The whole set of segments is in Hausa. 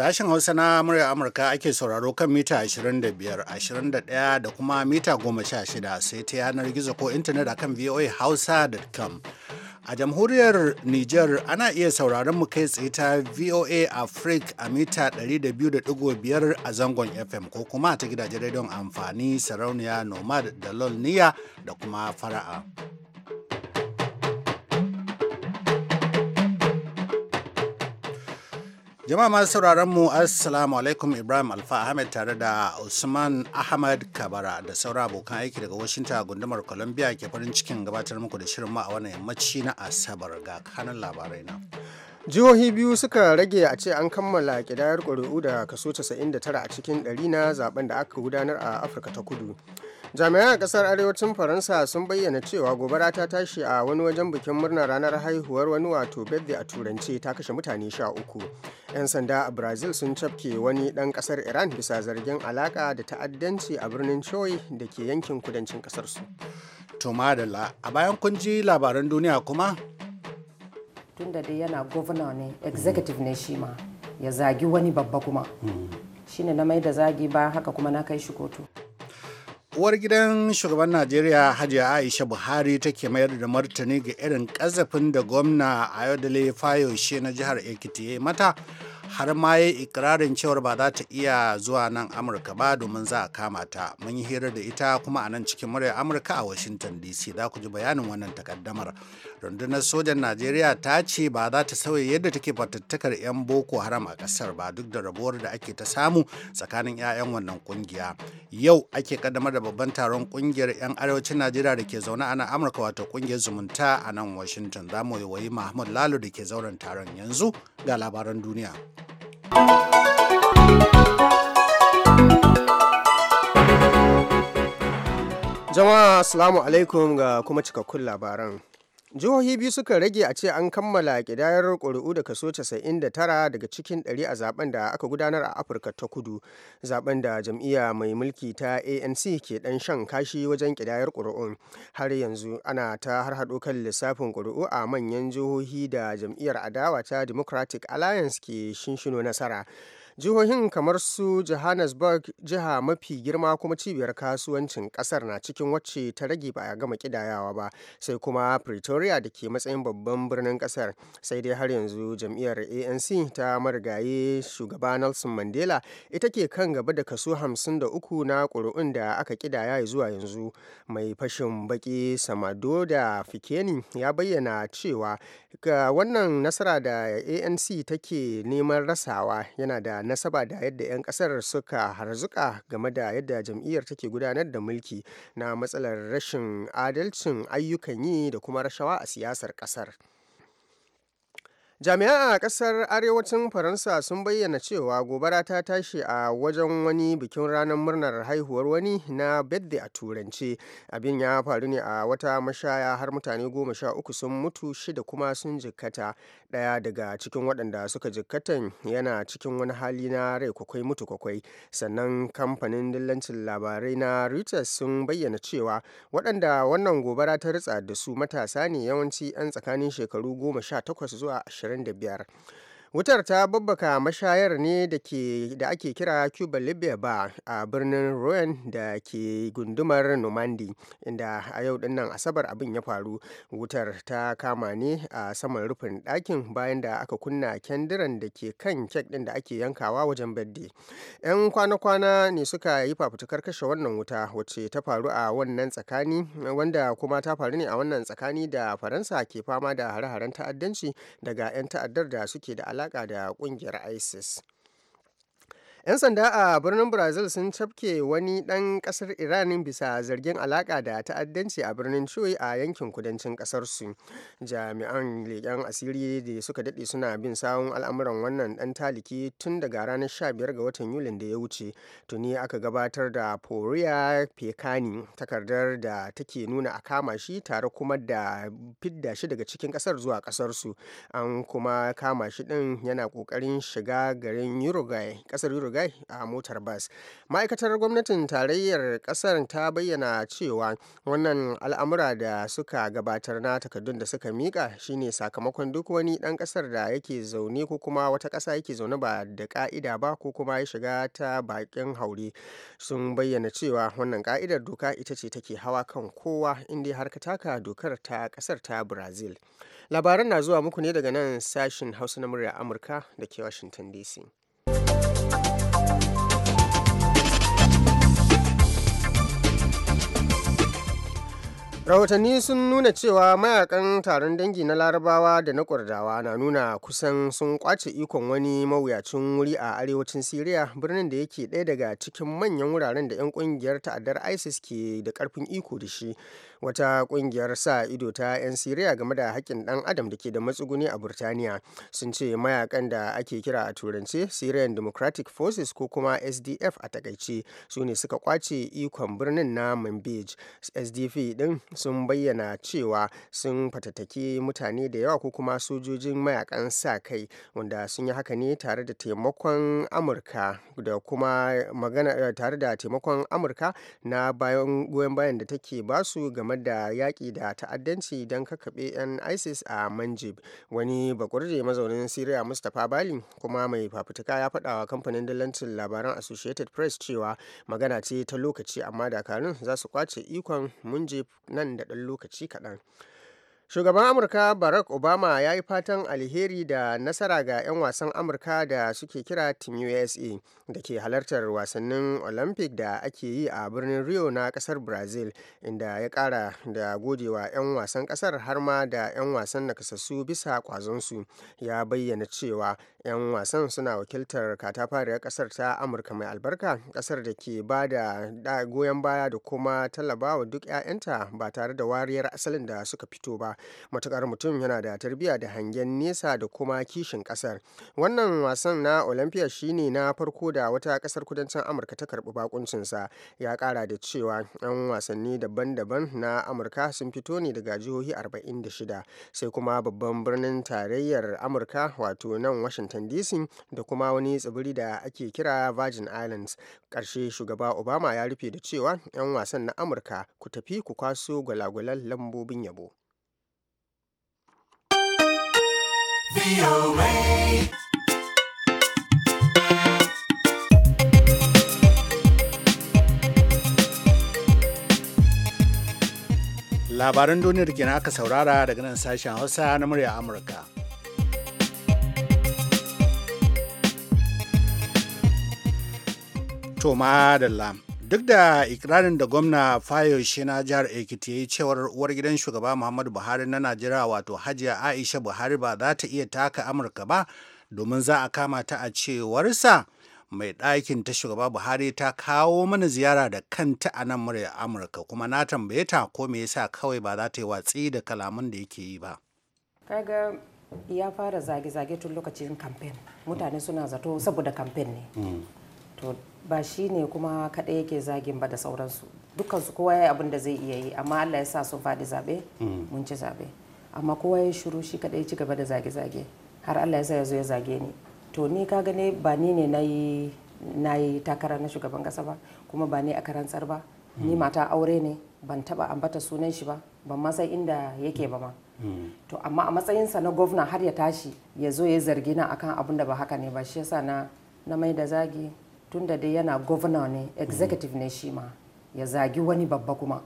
Sashen Hausa na murya Amurka ake sauraro kan mita 25, 21 da kuma mita 16 sai ta yanar gizo ko intanet akan voahausa.com. A jamhuriyar Nijar ana iya sauraron mu kai tsaye ta VOA Africa a mita 200.5 a zangon FM ko kuma ta gidajen rediyon amfani sarauniya Nomad da Lolniya da kuma Fara'a. Jama'a masu sauraronmu mu Assalamu alaikum Ibrahim Alfa Ahmed tare da Usman Ahmad Kabara da sauran abokan aiki daga washinta gundumar Columbia ke farin cikin gabatar muku da shirin mu a wannan yammaci na Asabar ga kanan labarai na. Jihohi biyu suka rage a ce an kammala kidayar kuri'u da kaso 99 a cikin ɗari na zaben da aka gudanar a Afirka ta Kudu. jami'an kasar arewacin faransa sun bayyana cewa gobara ta tashi a wani wajen bikin murnar ranar haihuwar wani wato birthday a turance ta kashe mutane sha uku 'yan sanda a brazil sun cafke wani dan kasar iran bisa zargin alaka da ta'addanci a birnin choi da ke yankin kudancin kasar su to madalla a bayan kun ji labaran duniya kuma tun da dai yana governor ne executive ne shi ma ya zagi wani babba kuma hmm. shine na mai da zagi ba haka kuma na kai shi kotu uwar gidan shugaban najeriya hajiya aisha buhari take mayar da martani ga irin kazafin da gwamna a ayodele fayoshe na jihar ekiti ya mata har ma ya ikirarin cewar ba za ta iya zuwa nan amurka ba domin za a kama ta mun yi hira da ita kuma a nan cikin murya amurka a washington dc za ku ji bayanin wannan takaddamar rundunar sojan najeriya ta ce ba za ta sauya yadda take fatattakar 'yan boko haram a kasar ba duk da rabuwar da ake ta samu tsakanin 'ya'yan wannan kungiya yau ake kaddamar da babban taron kungiyar 'yan arewacin najeriya da ke zaune a nan amurka wato kungiyar zumunta a nan washington za mu yi mahmud lalo da ke zauren taron yanzu ga labaran duniya. jama'a assalamu alaikum ga kuma cikakkun labaran jihohi biyu suka rage a ce an kammala kidayar ƙuri'u da kaso 99 daga cikin 100 a zaben da aka gudanar a afirka ta kudu zaben da jam'iyya mai mulki ta anc ke dan shan kashi wajen kidayar ƙuri'un har yanzu ana ta harhaɗo kan lissafin ƙuri'u a manyan jihohi da jam'iyyar adawa ta democratic alliance ke shinshino nasara jihohin kamar su johannesburg jiha mafi girma kuma cibiyar kasuwancin kasar na cikin wacce ta rage ba a gama kidayawa ba sai kuma pretoria da ke matsayin babban birnin kasar sai dai har yanzu jam'iyyar anc ta marigaye shugaba nelson mandela ita ke kan gaba da kaso 53 na ƙuri'un da aka kidaya zuwa yanzu mai fashin baki samado da fikeni ya bayyana cewa ga wannan nasara da anc take neman rasawa yana da nasaba da yadda 'yan kasar suka harzuka game da yadda jam'iyyar take gudanar da mulki na matsalar rashin adalcin ayyukan yi da kuma rashawa a siyasar kasar. jami'a a kasar arewacin faransa sun bayyana cewa gobara ta tashi a wajen wani bikin ranar murnar haihuwar wani na birthday a turance abin ya faru ne a wata mashaya har mutane goma sha uku sun mutu shida kuma sun jikkata daya daga cikin waɗanda suka jikkatan yana cikin wani hali na rai kwakwai mutu kwakwai sannan kamfanin dillancin labarai na reuters sun bayyana cewa waɗanda wannan gobara ta ritsa da su matasa ne yawanci 'yan tsakanin shekaru 18 zuwa 25 wutar ta babbaka mashayar ne da ake kira cuba libya ba a birnin rouen da ke gundumar nomandi inda a yau dinnan asabar abin ya faru wutar ta kama ne a saman rufin ɗakin bayan da aka kunna kyandiran da ke kan kek din da ake yankawa wajen bedde 'yan kwana-kwana ne suka yi fafutukar kashe wannan wuta wacce ta faru a wannan tsakani wanda kuma ta faru ne a wannan tsakani da faransa ke fama da hare-haren ta'addanci daga 'yan ta'addar da suke da alaƙa da ƙungiyar isis 'Yan sanda a birnin Brazil sun cafke wani ɗan ƙasar Iran bisa zargin alaƙa da ta'addanci a birnin Chuy a yankin kudancin ƙasarsu. Jami'an leƙen asiri da suka daɗe suna bin sawun al'amuran wannan ɗan taliki tun daga ranar 15 ga watan Yulin da ya wuce. Tuni aka gabatar da Poria Pekani takardar da take nuna a kama shi tare kuma da fidda shi daga cikin ƙasar zuwa ƙasarsu. An kuma kama shi ɗin yana ƙoƙarin shiga garin Uruguay, ƙasar Uruguay Rugai a motar bas. Ma'aikatar gwamnatin tarayyar ƙasar ta bayyana cewa wannan al'amura da suka gabatar na takardun da suka mika shine sakamakon duk wani ɗan ƙasar da yake zaune ko kuma wata ƙasa yake zaune ba da ƙa'ida ba ko kuma ya shiga ta bakin haure. Sun bayyana cewa wannan ƙa'idar doka ita ce take hawa kan kowa inda har ka taka dokar ta ƙasar ta Brazil. Labaran na zuwa muku ne daga nan sashin Hausa na murya Amurka da ke Washington DC. rahotanni sun nuna cewa mayakan taron dangi na larabawa da na kwardawa na nuna kusan sun kwace ikon wani mawuyacin wuri a arewacin syria birnin da yake ɗaya daga cikin manyan wuraren da 'yan kungiyar ta'addar isis ke da karfin iko da shi wata kungiyar sa ido ta 'yan syria game da haƙƙin ɗan adam da ke da matsuguni a burtaniya sun ce mayakan da ake kira a turance syrian democratic forces ko kuma sdf a takaice su ne suka kwace ikon birnin na manbij sdf din sun bayyana cewa sun fatattaki mutane da yawa ko kuma sojojin mayakan sa kai wanda sun yi haka ne tare da taimakon amurka da kuma magana eh, tare da taimakon amurka na bayan goyon bayan da take basu game da yaƙi da ta'addanci don kakaɓe 'yan isis a manjib wani bakwarje mazaunin siriya mustapha bali kuma mai fafutuka ya faɗa wa kamfanin dalancin labaran associated press cewa magana ce ta lokaci amma dakarun za su kwace ikon munjib na nan da ɗan lokaci kaɗan. shugaban amurka barack obama ya yi fatan alheri da nasara ga 'yan wasan amurka da suke kira team usa da ke halartar wasannin olympic da ake yi a birnin rio na kasar brazil inda ya kara da godewa 'yan wasan kasar har ma da 'yan wasan nakasassu bisa kwazonsu ya bayyana cewa 'yan wasan suna wakiltar katafariya kasar ta amurka mai albarka kasar da ke ba da goyon baya da kuma tallabawa duk 'ya'yanta ba tare da wariyar asalin da suka fito ba matukar mutum yana da tarbiyya da hangen nesa da kuma kishin kasar wannan wasan na olympia shine na farko da wata kasar kudancin amurka ta karbi bakuncinsa ya kara da cewa 'yan wasanni daban-daban na amurka sun fito ne daga jihohi 46 sai kuma babban birnin tarayyar amurka wato nan washington dc da kuma wani tsibiri da ake kira virgin islands ƙarshe shugaba obama ya rufe da cewa 'yan wasan na amurka ku tafi ku kwaso gwalagwalan lambobin yabo labaran da kenan aka saurara daga nan sashen hausa na murya amurka da Lam. duk da ikirarin da gwamna fayo na jihar ekiti ya yi cewar uwar gidan shugaba muhammadu buhari na najeriya wato hajiya aisha buhari ba za ta iya taka amurka ba domin za a kama ta a cewarsa mai ɗakin ta shugaba buhari ta kawo mana ziyara da kanta a nan murya amurka kuma na tambaye ta ko me yasa kawai ba za ta yi watsi da kalaman da yake yi ba kaga ya fara zage-zage tun lokacin kamfen mutane suna zato saboda kamfen ne hmm. ba shi ne kuma kaɗai yake zagin ba da sauransu dukansu kowa ya yi abin da zai iya yi amma allah ya sa sun faɗi zaɓe hmm. mun ci zaɓe amma kowa ya shiru shi kaɗai ci gaba da zage-zage har allah ya sa ya zo ya zage ni to ni ka gane ba ni ne na yi takara na shugaban kasa ba kuma ba ni a karantsar ba hmm. ni mata aure ne ban taɓa ambata sunan shi ba ban masa inda yake ba ma hmm. to amma a matsayinsa na gwamna har ya tashi ya zo ya zargi na akan abin da ba haka ne ba shi yasa na na mai da zagi tunda dai yana governor ne executive ne shi ma ya zagi wani babba kuma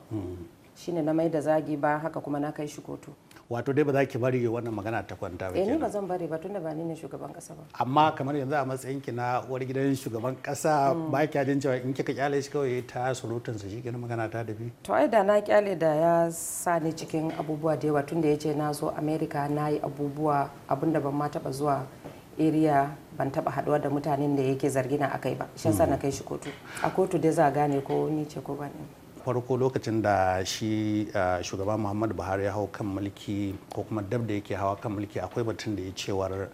Shi ne na mai da zagi ba haka kuma na kai shi kotu wato dai ba za ki bari wannan magana ta kwanta ba eh, ni ba zan bari ba tunda ba ni ne shugaban kasa ba amma kamar yanzu a matsayin ki na uwar gidan shugaban kasa mm. ba ki ajin cewa in kika kyale shi kawai ta surutun sa gina magana ta dabi to ai da na kyale da ya sa ni cikin abubuwa da yawa tunda yace na zo America na yi abubuwa abinda ban ma taba zuwa area ban taba haduwa da mutanen da yake zargi na akai ba shi yasa na hmm. kai shi kotu a kotu dai za gane ko ni ce ko ba farko lokacin da shi ah, shugaban muhammadu buhari ya hau kan mulki ko kuma dab da yake hawa kan mulki akwai batun da ya cewar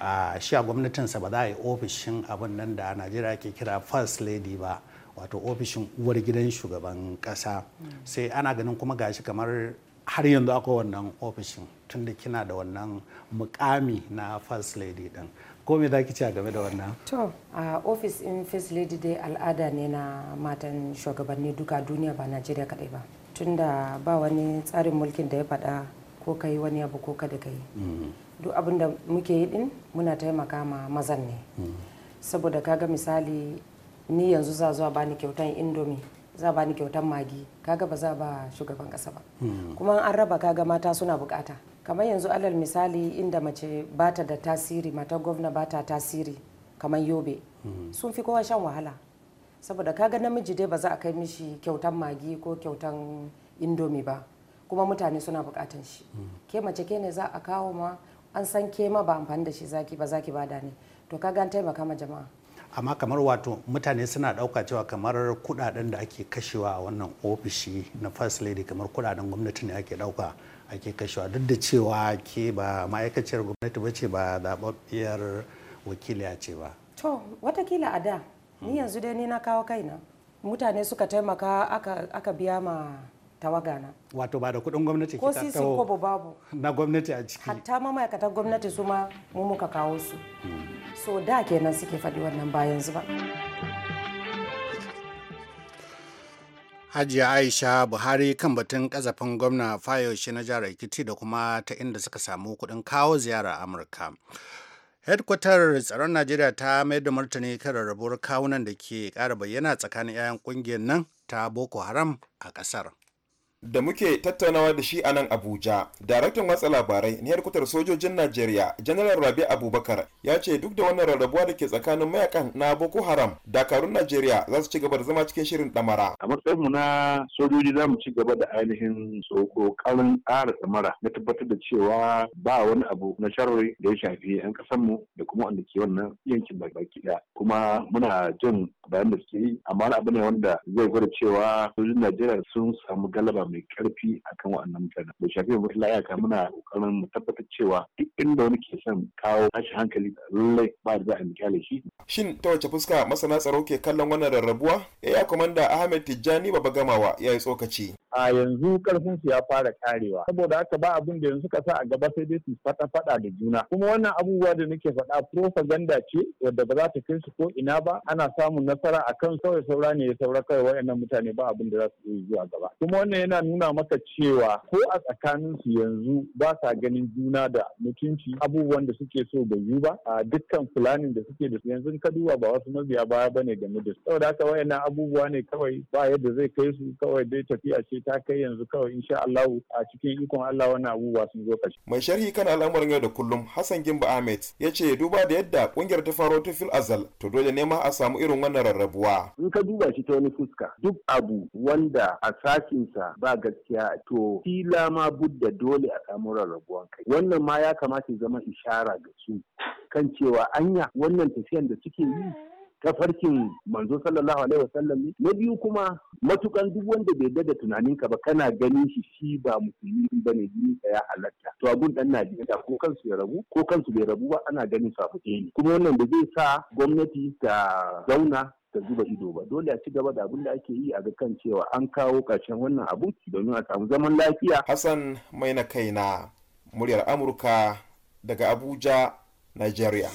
ah, shi a gwamnatinsa ba za a yi ofishin abin nan da najeriya ke kira first lady ba wato ofishin uwar gidan shugaban kasa hmm. sai ana ganin kuma gashi kamar har yanzu akwai wannan ofishin tunda kina da wannan mukami na first lady din ko me zaki ci game da wannan to a office in first lady dai al'ada ne na matan shugabanni duka duniya ba najeriya kadai ba tunda ba wani tsarin mulkin da ya faɗa ko kai wani abu ko da kai mm-hmm. duk abin da muke yi din muna taimaka ma mazan ne mm-hmm. saboda kaga misali ni yanzu za zuwa bani kyautan indomi. za ba ni kyautar magi kaga ba za ba shugaban kasa ba hmm. kuma an raba kaga mata suna bukata kamar yanzu alal misali inda mace bata da tasiri mata gwamna bata tasiri kamar yobe hmm. sun fi kowa shan wahala saboda kaga namiji dai ba za a kai mishi kyautan magi ko kyautan indomi ba kuma mutane suna bukatan shi hmm. ke mace ke ne za a kawo ma an san ke ma ba amfani da shi zaki ba zaki bada ne to kaga an taimaka ma jama'a amma kamar wato mutane suna ɗauka cewa kamar kudaden da ake kashewa a wannan ofishi na first lady kamar kudaden gwamnati ne ake ɗauka ake kashewa duk da cewa ke ba ma'aikaciyar gwamnati ba ba zaɓaɓɓiyar wakiliya ce ba to watakila a da ni hmm. yanzu dai ni na kawo kaina mutane suka taimaka aka biya ma tawagana wato ba da kudin gwamnati ko sisi ko babu na gwamnati a ciki hatta ma ma'aikatan gwamnati su ma mu muka kawo su so da kenan suke faɗi wannan ba yanzu ba Hajiya Aisha Buhari kan batun kazafin gwamna Fayoshi na jihar Ekiti da kuma ta inda suka samu kuɗin kawo ziyara Amurka. Hedkwatar tsaron Najeriya ta mayar da martani kan rarrabuwar kawunan da ke ƙara bayyana tsakanin 'ya'yan ƙungiyar nan ta Boko Haram a ƙasar. da muke tattaunawa da shi a nan abuja daraktan watsa labarai na yarkutar sojojin najeriya janar rabi abubakar ya ce duk da wannan rarrabuwa da ke tsakanin mayakan na boko haram dakarun najeriya za su ci gaba da zama cikin shirin ɗamara. a matsayinmu na sojoji za mu ci gaba da ainihin tsokokarin ƙara damara na tabbatar da cewa ba wani abu na sharri da ya shafi yan mu da kuma wanda ke wannan yankin baki ɗaya kuma muna jin bayan da suke yi amma abu ne wanda zai gwada cewa sojojin najeriya sun samu galaba mai karfi akan wannan mutane da shafi mafi layaka muna kokarin mu tabbatar cewa duk inda wani ke son kawo tashi hankali lallai ba da za a mikyale shi shin ta wace fuska masana tsaro ke kallon wannan rarrabuwa eh, ya komanda ahmed tijjani baba gamawa ya yi tsokaci a yanzu karfin su ya fara karewa saboda haka ba abin da yanzu ka sa a gaba sai dai su faɗa faɗa da juna kuma wannan abubuwa da nake faɗa propaganda ce wadda ba za ta kai su ko ina ba ana samun nasara a akan sauya saura ne ya saura kawai waɗannan mutane ba abin da za su iya zuwa gaba kuma wannan yana nuna maka cewa ko a tsakanin su yanzu ba sa ganin juna da mutunci abubuwan da suke so bai yi ba a dukkan fulanin da suke da su yanzu ka duba ba wasu mabiya baya ba ne game da su saboda haka wayannan abubuwa ne kawai ba yadda zai kai su kawai dai tafiya ce ta kai yanzu kawai insha Allah a cikin ikon Allah wannan abubuwa sun zo kashi mai sharhi kan al'amarin yau da kullum Hassan Gimba Ahmed ya ce duba da yadda kungiyar ta faro ta fil azal to dole ne ma a samu irin wannan rarrabuwa in ka duba shi ta wani fuska duk abu wanda a sakinsa ba ba gaskiya to fila ma budda dole a samu rarrabuwan kai wannan ma ya kamata ya zama ishara ga su kan cewa anya wannan tafiyan da suke yi ta farkin manzo sallallahu alaihi wasallam ne na biyu kuma matukan duk wanda bai dada tunanin ka ba kana ganin shi shi ba musulmi ba ne jini ya halatta to abun dan Najeriya ko kansu ya rabu ko kansu bai rabu ba ana ganin su ne kuma wannan da zai sa gwamnati ta zauna ta zuba ido ba dole a ci gaba da abin da ake yi a ga kan cewa an kawo ƙarshen wannan abun domin a samu zaman lafiya hassan mai na kai na muryar amurka daga abuja nigeria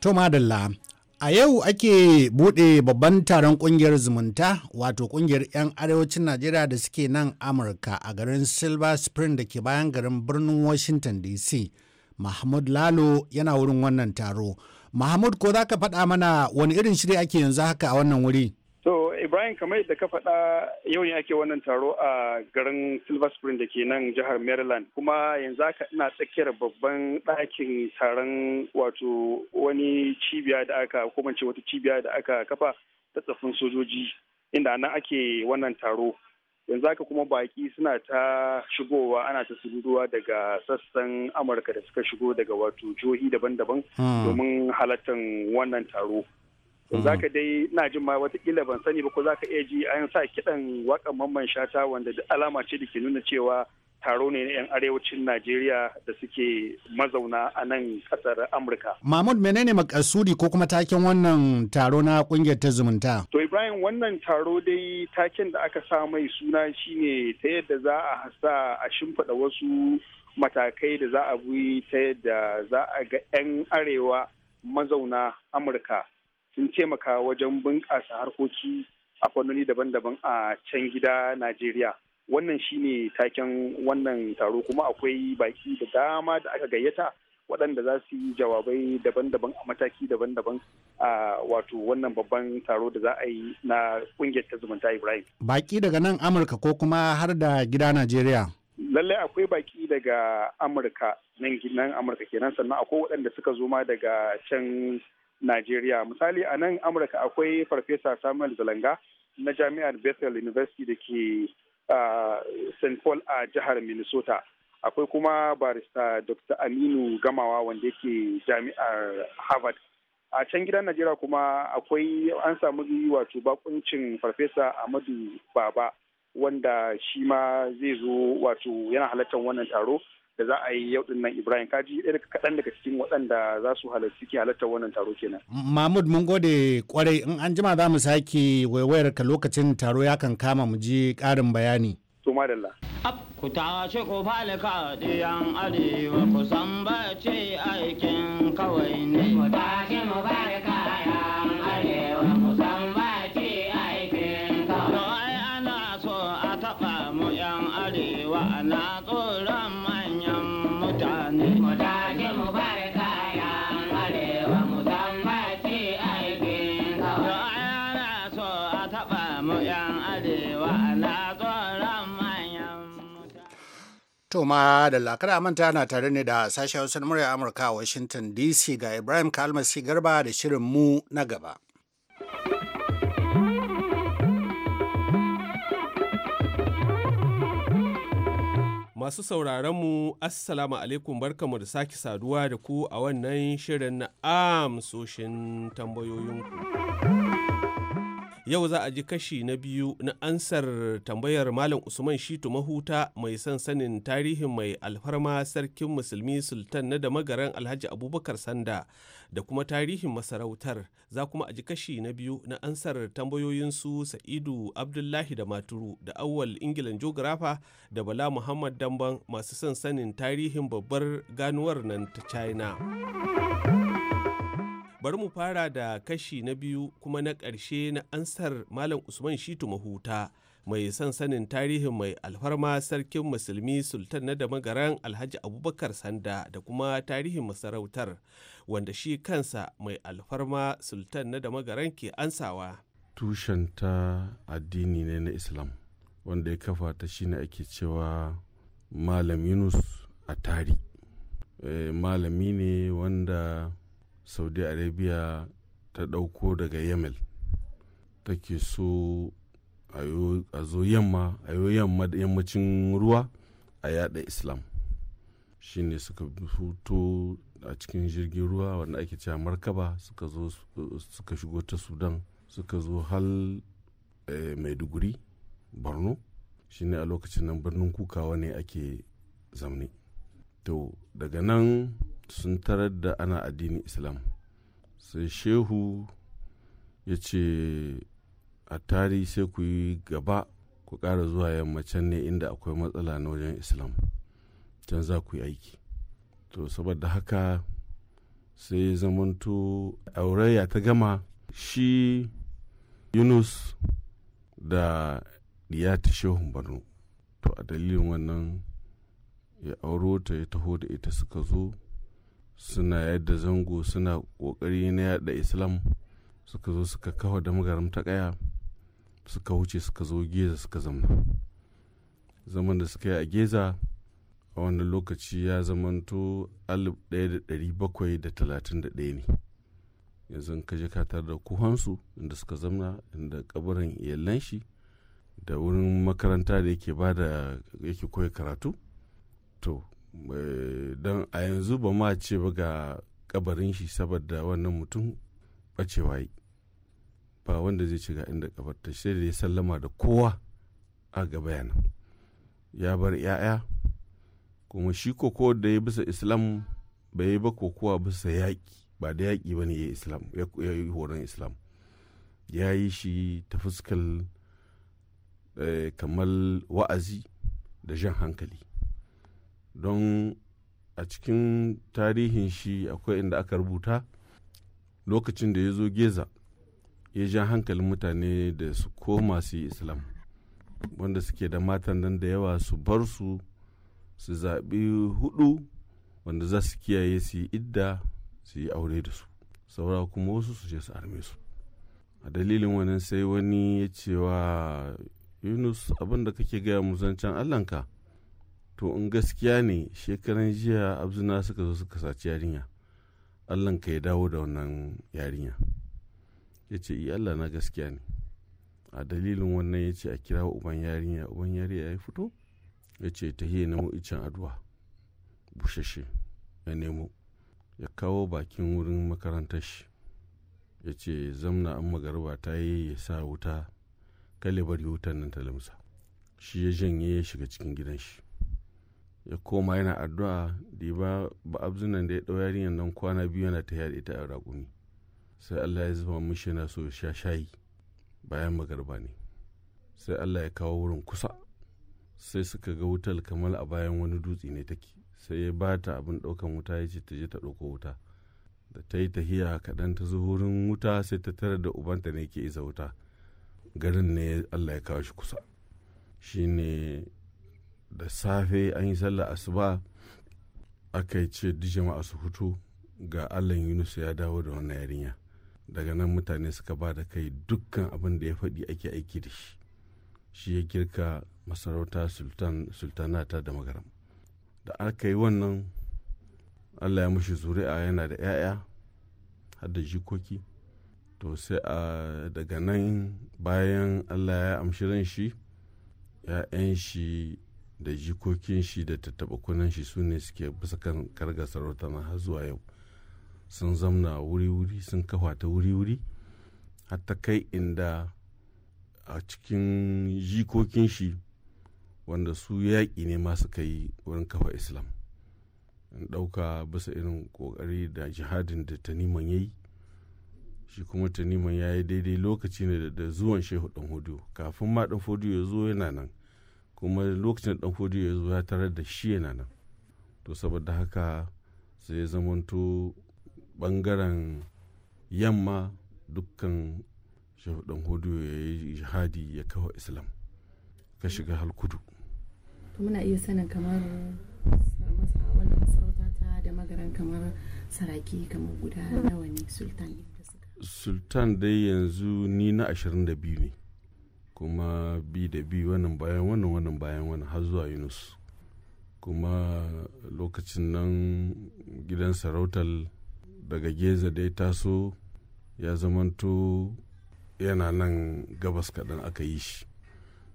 to madalla A yau ake buɗe babban taron ƙungiyar zumunta wato ƙungiyar 'yan arewacin Najeriya da suke nan Amurka a garin Silver Spring da ke bayan garin birnin Washington DC. Mahmud Lalo yana wurin wannan taro. Mahmud ko za ka faɗa mana wani irin shirya ake yanzu haka a wannan wuri? Ibrahim kamar yadda ka faɗa yau ne ake wannan taro a garin Silver Spring da ke nan jihar Maryland kuma yanzu haka ina tsakiyar babban ɗakin taron wato wani cibiya da aka hukumance wata cibiya da aka kafa ta tsafin sojoji inda nan ake wannan taro yanzu haka kuma baki suna ta shigowa ana ta sururuwa daga sassan amurka da suka shigo daga wato jihohi daban-daban hmm. domin halartar wannan taro. Hmm. za ka dai na jin ma watakila ban sani ba ko za ka iya ji an sa kiɗan waƙan mamman shata wanda duk alama ce da ke nuna cewa taro ne na 'yan arewacin Najeriya da suke mazauna a nan ƙasar Amurka. Mahmud menene makasudi ko kuma taken wannan taro na ƙungiyar ta zumunta? To Ibrahim wannan taro dai taken da aka sa mai suna shine ta yadda za a hasa a shimfiɗa wasu matakai da za a bi ta yadda za a ga 'yan arewa mazauna Amurka sun taimaka wajen bunƙasa harkoki a fannoni daban-daban a can gida Najeriya. Wannan shine taken wannan taro kuma akwai baki da dama da aka gayyata waɗanda za su yi jawabai daban-daban a mataki daban-daban a wato wannan babban taro da za a yi na ƙungiyar ta zumunta Ibrahim. Baki daga nan Amurka ko kuma har da gida Najeriya? lallai akwai baki daga amurka nan nan amurka kenan sannan akwai waɗanda suka zo ma daga can Najeriya. Misali a nan Amurka akwai Farfesa Samuel Zalanga na Jami'ar Bethel University da ke St. Paul a jihar Minnesota. Akwai kuma barista Dr. Aminu Gamawa wanda yake Jami'ar Harvard. A can gidan Najeriya kuma akwai an samu wato bakuncin Farfesa Amadu Baba wanda shi ma zai zo wato yana halartar wannan taro da za a yi yau din nan Ibrahim Kaji ɗaya daga kaɗan daga cikin waɗanda za su halarci ke halartar wannan taro kenan. Mahmud mun gode kwarai in an jima za mu sake waiwayar ka lokacin taro ya kan kama mu ji ƙarin bayani. To madalla. Ab ku ko ku falka diyan arewa ku san ba ce aikin kawai ne. To ma da lakar manta na tare ne da sashen Hausa na murya Amurka a Washington DC ga Ibrahim Kalmasi Garba da shirin mu na gaba. Masu sauraron mu Assalamu alaikum barkamu da sake saduwa da ku a wannan shirin na amsoshin tambayoyinku. yau za a ji kashi na biyu na ansar tambayar malam usman shitu mahuta mai son sanin tarihin mai alfarma sarkin musulmi sultan na da magaran alhaji abubakar sanda da kuma tarihin masarautar za kuma a ji kashi na biyu na ansar tambayoyinsu sa'idu abdullahi da maturu da awwal ingilan jogirafa da bala muhammad damban masu son sanin tarihin babbar ganuwar nan ta china bari mu fara da kashi na biyu kuma na ƙarshe na ansar malam usman shitu mahuta mai son sanin tarihin mai alfarma sarkin musulmi sultan na magaran alhaji abubakar sanda da kuma tarihin masarautar wanda shi kansa mai alfarma sultan na magaran ke ansawa tushenta addini ne na islam wanda ya kafa ta shine ake cewa malam yunus atari e, malami ne wanda saudi arabia ta ɗauko daga yamal take so a zo yamma a yi yamma da yammacin ruwa a yada islam shi ne suka fito a cikin jirgin ruwa wanda ake cewa markaba suka zo suka shigo ta sudan suka zo hal eh, maiduguri borno shi ne a lokacin nan birnin kukawa ne ake zamne to daga nan sun tarar da ana addinin islam sai shehu ya ce a tari sai ku yi gaba ku ƙara zuwa yammacin ne inda akwai matsala na wajen islam can za ku yi aiki to saboda haka sai zamanto auraya ta gama shi yunus da ya ta shehun bano to a dalilin wannan ya auro ta ya taho da ita suka zo suna yadda zango suna kokari na yada islam suka zo suka kawo da magaram ta kaya suka wuce suka zo geza suka zama zaman da suka yi a geza a wannan lokaci ya zamanto 1731 ne yanzu ka je katar da kuhansu inda suka zamna inda kabarin iyalan shi da wurin makaranta da yake bada da yake koya karatu to Eh, don a yanzu ba ma ce ba ga kabarin shi saboda wannan mutum bacewa yi ba wanda zai shiga inda kabarta sai da ya sallama da kowa a gaba yana ya bar 'ya'ya kuma shi koko da ya bisa islam bai yi ba kokowa bisa yaƙi ba da yaƙi ba ne ya islam ya yi horon islam ya yi shi ta fuskal eh, kamar wa'azi da jan hankali don a cikin tarihin shi akwai inda aka rubuta lokacin da ya zo geza ya ja hankalin mutane da su koma su yi islam wanda suke da matan nan da yawa su bar su su zaɓi hudu wanda za su kiyaye su yi idda su yi aure da su saura kuma wasu su je su arme su a dalilin wani sai wani ya cewa yunus abin da kake gaya mu zancen allahnka to in gaskiya ne shekaran jiya abzuna suka zo suka saci yarinya allan ka ya dawo da wannan yarinya ya ce iya eh, allah na gaskiya ne a dalilin wannan ya ce a kira uban yarinya uban yarinya ya fito ya ce ta hiye nemo icen addu'a bushashe ya nemo ya kawo bakin wurin makarantar shi ya ce zamna an magarba ta yi ya sa wuta kalibar wutan nan ta lamsa shi ya janye ya shiga cikin gidan shi ya koma yana addu'a da ba ba abzunan da ya ɗau yarinyar nan kwana biyu yana ta yaɗe ta a raƙumi sai allah ya zuba mishi yana so sha shayi bayan magarba ne sai allah ya kawo wurin kusa sai suka ga wutar kamar a bayan wani dutse ne take sai ya ba ta abin ɗaukan wuta ya ce ta je ta ɗauko wuta da ta yi tahiya kaɗan ta zo wurin wuta sai ta tara da ubanta ne ke isa wuta garin ne allah ya kawo shi kusa shine da safe an yi sallah asuba aka yi ce duk jama'a su hutu ga allah yunus ya dawo da wannan yarinya daga nan mutane suka ba da kai dukkan abin da ya faɗi ake aiki da shi shi ya girka masarauta sultanata da magaram da aka yi wannan allah ya mashi zuri'a yana da 'ya'ya har da jikoki to sai a daga nan bayan allah ya amshi ran shi 'ya'yan shi da jikokin shi da tattaɓa kunan shi su ne suke bisa kan karga sarauta na har zuwa yau sun zamna wuri-wuri sun kafa ta wuri-wuri hatta kai inda a cikin jikokin shi wanda su yaƙi ne masu kai wurin kafa islam in ɗauka bisa irin ƙoƙari da jihadin da taniman ya yi shi kuma taniman ya yi daidai lokaci ne da zuwan shehu ɗan hudu kafin ma ɗan hudu ya zo yana nan kuma lokacin da hudu ya zo ya tarar da shi yana nan to saboda haka sai ya zamanto bangaren yamma dukkan shehu dan hodiyo ya yi jihadi ya kawo islam ka shiga halkudu muna iya sanin kamar wannan masarauta ta da magaran kamar saraki kamar guda nawa ne sultan sultan dai yanzu ni na 22 ne kuma bi da bi wannan bayan wannan wannan bayan wannan har zuwa yunus kuma lokacin nan gidan sarautar daga geza da ya taso ya zamanto yana nan gabas kaɗan aka yi shi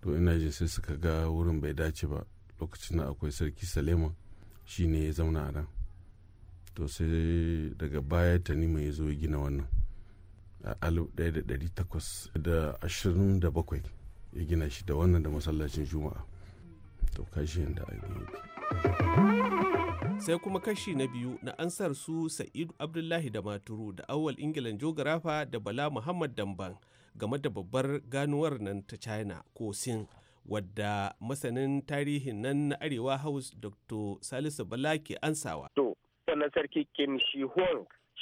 to ina jin sai suka ga wurin bai dace ba lokacin da akwai sarki salema shi ne ya zauna a nan to sai daga baya tanima ya zo gina wannan 1827 ya gina shi da wannan da masallacin juma'a to kashi yadda sai kuma kashi na biyu na ansar su sa'idu abdullahi da maturu da awal ingilan jogarafa da bala muhammad damban game da babbar ganuwar nan ta china ko sin wadda masanin tarihin nan na arewa house dr salisu bala ke ansawa to sannan sarki kim shi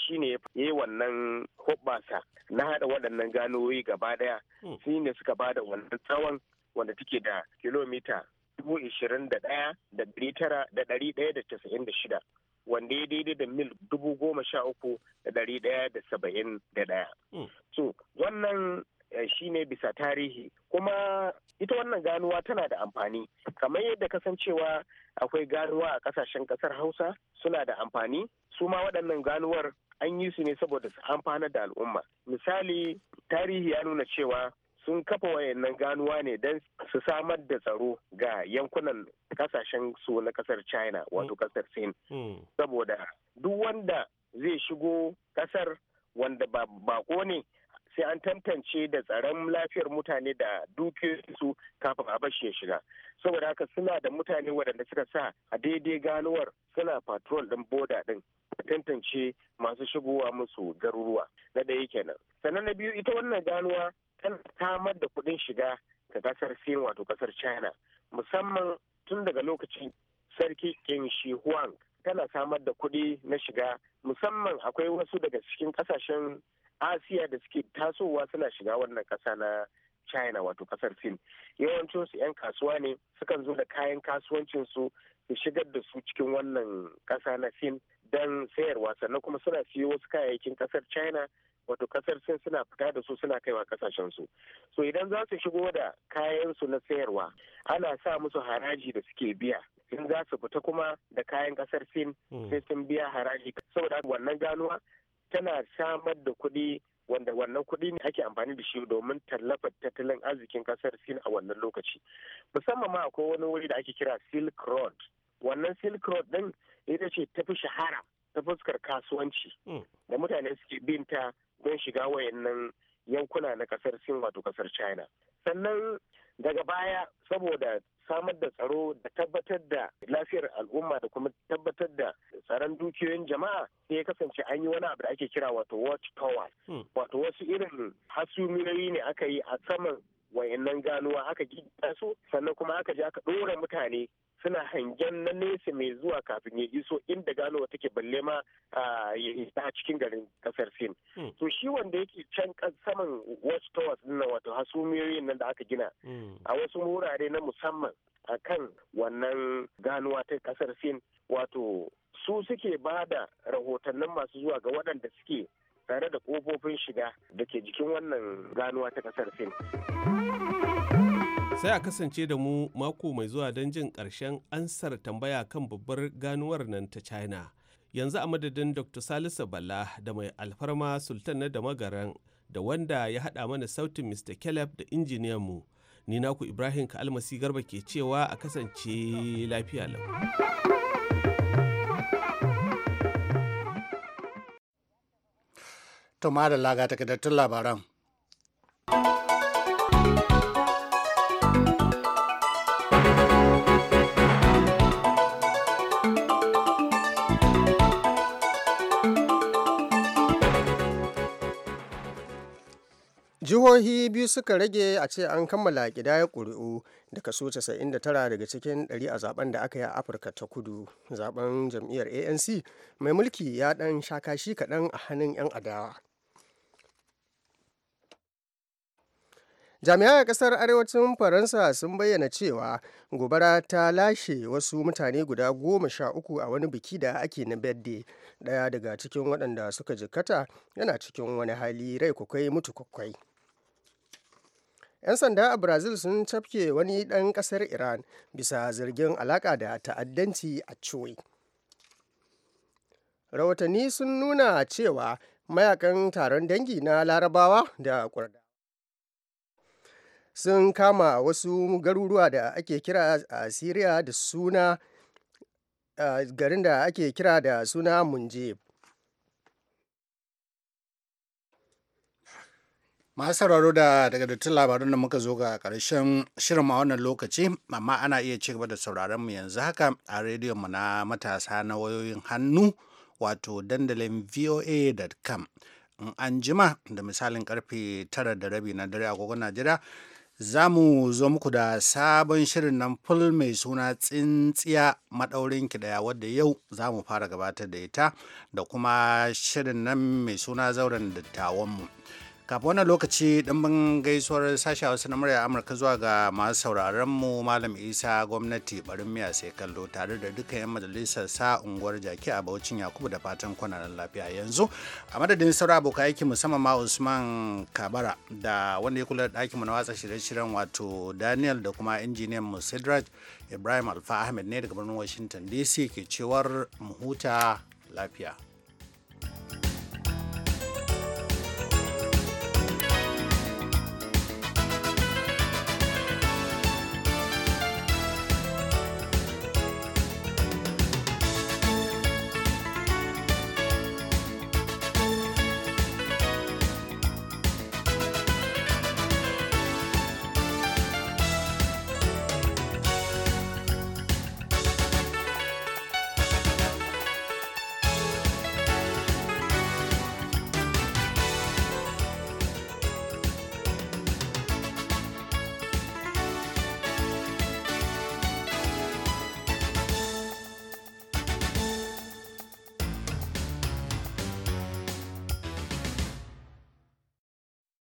Shi ne ya yi wannan hoɓɓasa na haɗa waɗannan ganoyi gaba ɗaya hmm. ne suka ba da wannan tsawon wanda take da kilomita dubu ishirin da ɗaya da ɗari tara da ɗari ɗaya da casa'in da shida wanda ya daidai da mil dubu goma sha uku da ɗari ɗaya da saba'in da ɗaya. Hmm. So wannan eh, shi ne bisa tarihi kuma ita wannan ganuwa tana da amfani kamar yadda kasancewa akwai ganuwa a ƙasashen ƙasar hausa suna da amfani su ma waɗannan ganuwar an yi su ne saboda su amfana da al'umma misali tarihi ya nuna cewa sun kafa wayannan ganuwa ne don su samar da tsaro ga yankunan kasashen su na kasar china wato kasar mm. sin mm. saboda duk wanda zai shigo kasar wanda ba bako ne sai an tantance da tsaron lafiyar mutane da dukiyoyinsu kafin a bashi ya shiga saboda haka suna da mutane waɗanda suka sa a daidai ganuwar suna patrol ɗin boda ɗin tantance masu shigowa musu garuruwa na ɗaya kenan sannan na biyu ita wannan ganuwa tana samar da kuɗin shiga ga kasar sin wato kasar china musamman tun daga lokacin sarki kin shi huang tana samar da kuɗi na shiga musamman akwai wasu daga cikin kasashen asiya da suke tasowa suna shiga wannan kasa na china wato kasar sin yawancinsu 'yan kasuwa ne sukan zo da kayan kasuwancinsu su shigar da su cikin wannan kasa na sin don sayarwa sannan kuma suna siyo wasu kayayyakin ƙasar china wato kasar sin suna fita da su suna kaiwa kasashen su so idan za su shigo da kayan su na sayarwa ana sa musu haraji da suke biya in za su fita kuma da kayan kasar sin hmm. sai sun biya haraji saboda wannan ganuwa tana samar da kuɗi wanda wannan kuɗi ne ake amfani da shi domin tallafa tattalin arzikin ƙasar sin a wannan lokaci musamman ma akwai wani wuri da ake kira silk road wannan silk road ɗin ita ce tafi shahara ta fuskar kasuwanci hmm. da mutane suke binta don shiga wayannan yankuna na ƙasar sin wato ƙasar china sannan daga baya saboda samar da tsaro da tabbatar da lafiyar al'umma da kuma tabbatar da tsaron dukiyoyin jama'a sai ya kasance an yi wani abu da ake kira wato watch tower hmm. wato wasu irin hasumiyoyi ne aka yi a saman wayannan ganuwa aka gida su sannan kuma aka je aka ɗora mutane suna hangen na nesa mai zuwa kafin ya iso inda ganowa take balle ma ya isa cikin garin kasar sin hmm. to shi wanda yake can saman wasu towers nan wato hasumiyoyi nan da aka gina hmm. a wasu wurare na musamman a kan wannan ganuwa ta kasar sin wato su suke ba da rahotannin masu zuwa ga waɗanda suke tare da ƙofofin shiga da ke jikin wannan ganuwa ta kasar sin. sai a kasance da mu mako mai zuwa don jin ƙarshen ansar tambaya kan babbar ganuwar nan ta china yanzu a madadin dr salisu bala da mai alfarma sultan na da magaran da wanda ya haɗa mana sautin mr caleb da injiniyan mu ni naku ibrahim kalmasi garba ke cewa a kasance lafiya lau to da laga labaran jihohi biyu suka rage a ce an kammala kidaya ƙuri'u da kaso 99 daga cikin 100 a zaben da aka yi a afirka ta kudu zaben jam'iyyar anc mai mulki ya ɗan shakashi kaɗan a hannun 'yan adawa jami'a a kasar arewacin faransa sun bayyana cewa gobara ta lashe wasu mutane guda goma sha uku a wani biki da ake na bedde daya daga cikin waɗanda suka jikata yana cikin wani hali rai kwakwai mutu kwakwai 'yan sanda a brazil sun cafke wani ɗan ƙasar iran bisa zargin alaƙa da ta'addanci a choi rahotanni sun nuna cewa mayakan taron dangi na larabawa da kurda sun kama wasu garuruwa da ake kira a syria da suna garin da ake kira da suna munjeb masu sauraro da daga dattin labarun da muka zo ga karshen shirin a wannan lokaci amma ana iya ci gaba da sauraron mu yanzu haka a rediyon mu na matasa na wayoyin hannu wato dandalin voa.com in an jima da misalin karfe tara da rabi na dare agogon najeriya za mu zo muku da sabon shirin nan ful mai suna tsintsiya maɗaurin kiɗaya wadda yau za mu fara gabatar da ita da kuma shirin nan mai suna zauren dattawanmu. mu kafin wannan lokaci ɗimbin gaisuwar a wasu na murya amurka zuwa ga masu sauraron mu malam isa gwamnati barin miya sai kallo tare da dukkan yan majalisar sa unguwar jaki a baucin yakubu da fatan kwanaran lafiya yanzu a madadin sauran abokan aiki musamman ma usman kabara da wanda ya kula da ɗakin mu na watsa shirye-shiryen wato daniel da kuma injiniyan mu ibrahim alfa ahmed ne daga birnin washington dc ke cewar mu huta lafiya